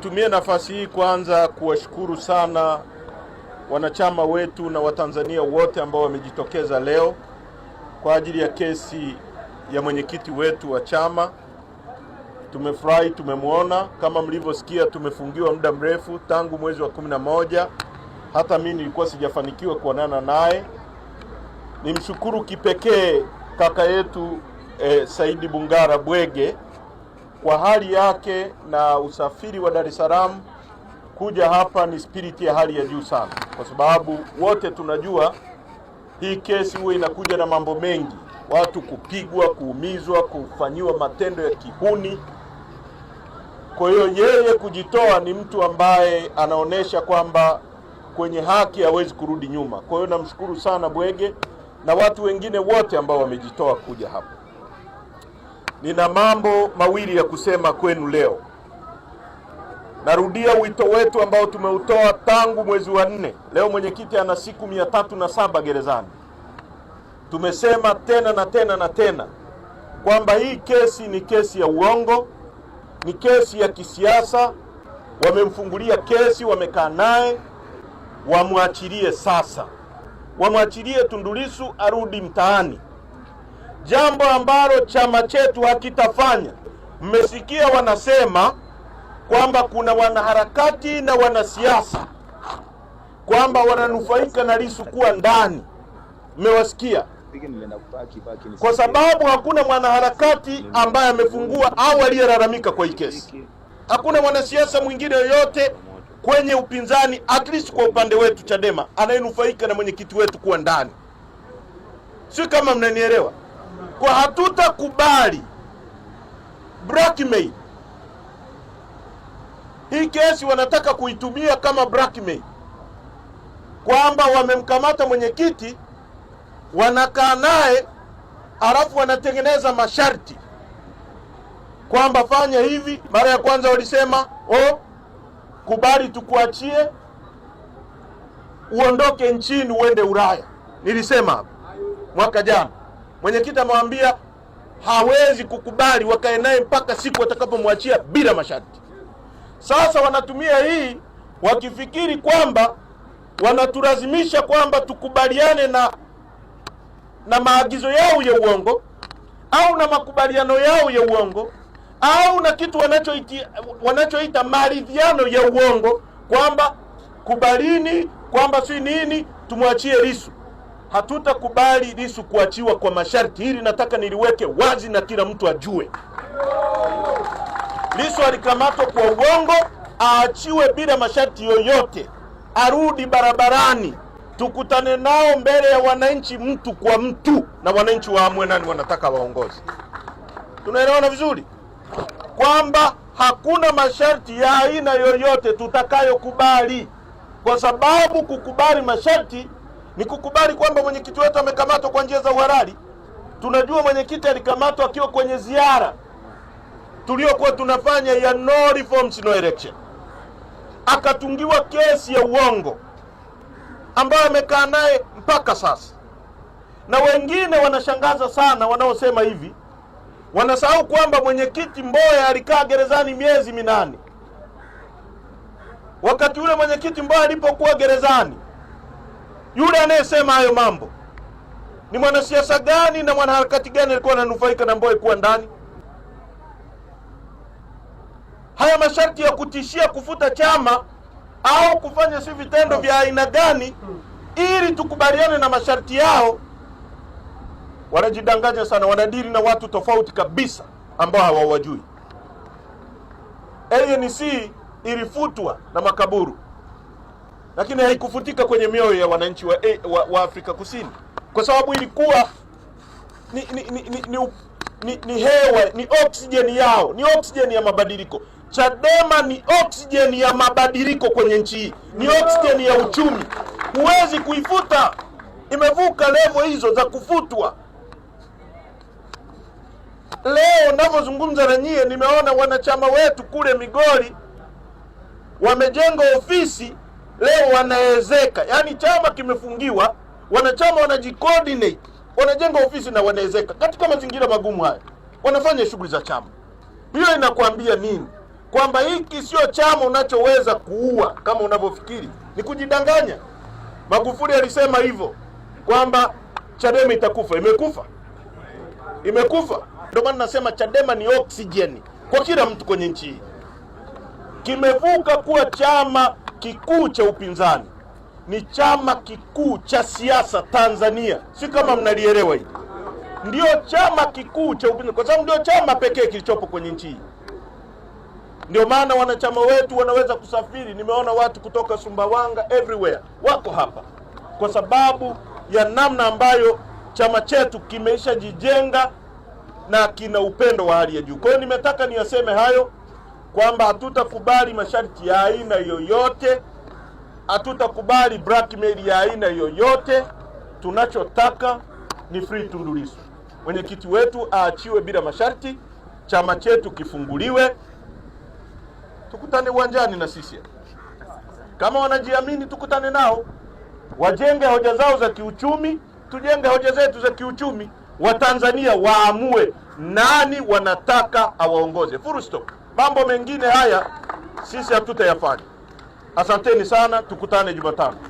nitumie nafasi hii kwanza kuwashukuru sana wanachama wetu na Watanzania wote ambao wamejitokeza leo kwa ajili ya kesi ya mwenyekiti wetu wa chama. Tumefurahi, tumemwona. Kama mlivyosikia, tumefungiwa muda mrefu tangu mwezi wa kumi na moja. Hata mimi nilikuwa sijafanikiwa kuonana naye. Nimshukuru kipekee kaka yetu eh, Saidi Bungara Bwege kwa hali yake na usafiri wa Dar es Salaam kuja hapa ni spiriti ya hali ya juu sana, kwa sababu wote tunajua hii kesi huwa inakuja na mambo mengi, watu kupigwa, kuumizwa, kufanyiwa matendo ya kihuni. Kwa hiyo yeye kujitoa ni mtu ambaye anaonyesha kwamba kwenye haki hawezi kurudi nyuma. Kwa hiyo namshukuru sana Bwege na watu wengine wote ambao wamejitoa kuja hapa. Nina mambo mawili ya kusema kwenu leo. Narudia wito wetu ambao tumeutoa tangu mwezi wa nne. Leo mwenyekiti ana siku mia tatu na saba gerezani. Tumesema tena na tena na tena kwamba hii kesi ni kesi ya uongo, ni kesi ya kisiasa. Wamemfungulia kesi, wamekaa naye, wamwachilie sasa, wamwachilie Tundu Lissu arudi mtaani jambo ambalo chama chetu hakitafanya. Mmesikia wanasema kwamba kuna wanaharakati na wanasiasa kwamba wananufaika na Lissu kuwa ndani, mmewasikia? Kwa sababu hakuna mwanaharakati ambaye amefungua au aliyelalamika kwa hii kesi. Hakuna mwanasiasa mwingine yoyote kwenye upinzani, at least kwa upande wetu Chadema, anayenufaika na mwenyekiti wetu kuwa ndani, si kama mnanielewa? kwa hatutakubali blackmail. Hii kesi wanataka kuitumia kama blackmail, kwamba wamemkamata mwenyekiti, wanakaa naye alafu wanatengeneza masharti kwamba fanya hivi. Mara ya kwanza walisema oh, kubali tukuachie uondoke nchini uende Ulaya. Nilisema mwaka jana mwenyekiti amewambia hawezi kukubali wakae naye mpaka siku watakapomwachia bila masharti. Sasa wanatumia hii wakifikiri kwamba wanatulazimisha kwamba tukubaliane na na maagizo yao ya uongo au na makubaliano yao ya uongo au na kitu wanachoita wanachoita maridhiano ya uongo kwamba kubalini, kwamba si nini, tumwachie Lissu. Hatutakubali lisu kuachiwa kwa masharti. Hili nataka niliweke wazi na kila mtu ajue. lisu alikamatwa kwa uongo, aachiwe bila masharti yoyote, arudi barabarani, tukutane nao mbele ya wananchi, mtu kwa mtu, na wananchi waamue nani wanataka waongozi. Tunaelewana vizuri kwamba hakuna masharti ya aina yoyote tutakayokubali, kwa sababu kukubali masharti ni kukubali kwamba mwenyekiti wetu amekamatwa kwa njia za uhalali. Tunajua mwenyekiti alikamatwa akiwa kwenye ziara tuliyokuwa tunafanya ya no reforms no election, akatungiwa kesi ya uongo ambayo amekaa naye mpaka sasa. Na wengine wanashangaza sana, wanaosema hivi wanasahau kwamba mwenyekiti Mboya alikaa gerezani miezi minane. Wakati ule mwenyekiti Mboya alipokuwa gerezani yule anayesema hayo mambo ni mwanasiasa gani na mwanaharakati gani alikuwa ananufaika na Mbowe kuwa ndani? Haya masharti ya kutishia kufuta chama au kufanya si vitendo vya aina gani ili tukubaliane na masharti yao? Wanajidanganya sana, wanadili na watu tofauti kabisa ambao hawawajui. ANC ilifutwa na makaburu lakini haikufutika kwenye mioyo ya wananchi wa, e, wa, wa Afrika Kusini kwa sababu ilikuwa ni ni, ni, ni, ni, ni, ni hewa ni oksijeni yao, ni oksijeni ya mabadiliko. Chadema ni oksijeni ya mabadiliko kwenye nchi hii, ni oksijeni ya uchumi. Huwezi kuifuta, imevuka levo hizo za kufutwa. Leo ninavyozungumza na nyie, nimeona wanachama wetu kule Migori wamejenga ofisi leo wanaezeka, yaani chama kimefungiwa, wanachama wanajicoordinate, wanajenga ofisi na wanaezeka katika mazingira magumu haya, wanafanya shughuli za chama. Hiyo inakwambia nini? Kwamba hiki sio chama unachoweza kuua kama unavyofikiri. Ni kujidanganya. Magufuli alisema hivyo kwamba Chadema itakufa. Imekufa, imekufa. Ndio maana nasema Chadema ni oksijeni kwa kila mtu kwenye nchi hii, kimevuka kuwa chama kikuu cha upinzani, ni chama kikuu cha siasa Tanzania. Si kama mnalielewa hili, ndio chama kikuu cha upinzani kwa sababu ndio chama pekee kilichopo kwenye nchi hii. Ndio maana wanachama wetu wanaweza kusafiri. Nimeona watu kutoka Sumbawanga everywhere wako hapa kwa sababu ya namna ambayo chama chetu kimeshajijenga na kina upendo wa hali ya juu. Kwa hiyo nimetaka niyaseme hayo kwamba hatutakubali masharti ya aina yoyote, hatutakubali blackmail ya aina yoyote. Tunachotaka ni free Tundu Lissu, mwenyekiti wetu aachiwe bila masharti, chama chetu kifunguliwe, tukutane uwanjani na sisi. Kama wanajiamini, tukutane nao, wajenge hoja zao za kiuchumi, tujenge hoja zetu za kiuchumi. Watanzania waamue nani wanataka awaongoze, full stop. Mambo mengine haya sisi hatutayafanya. Asanteni sana, tukutane Jumatano.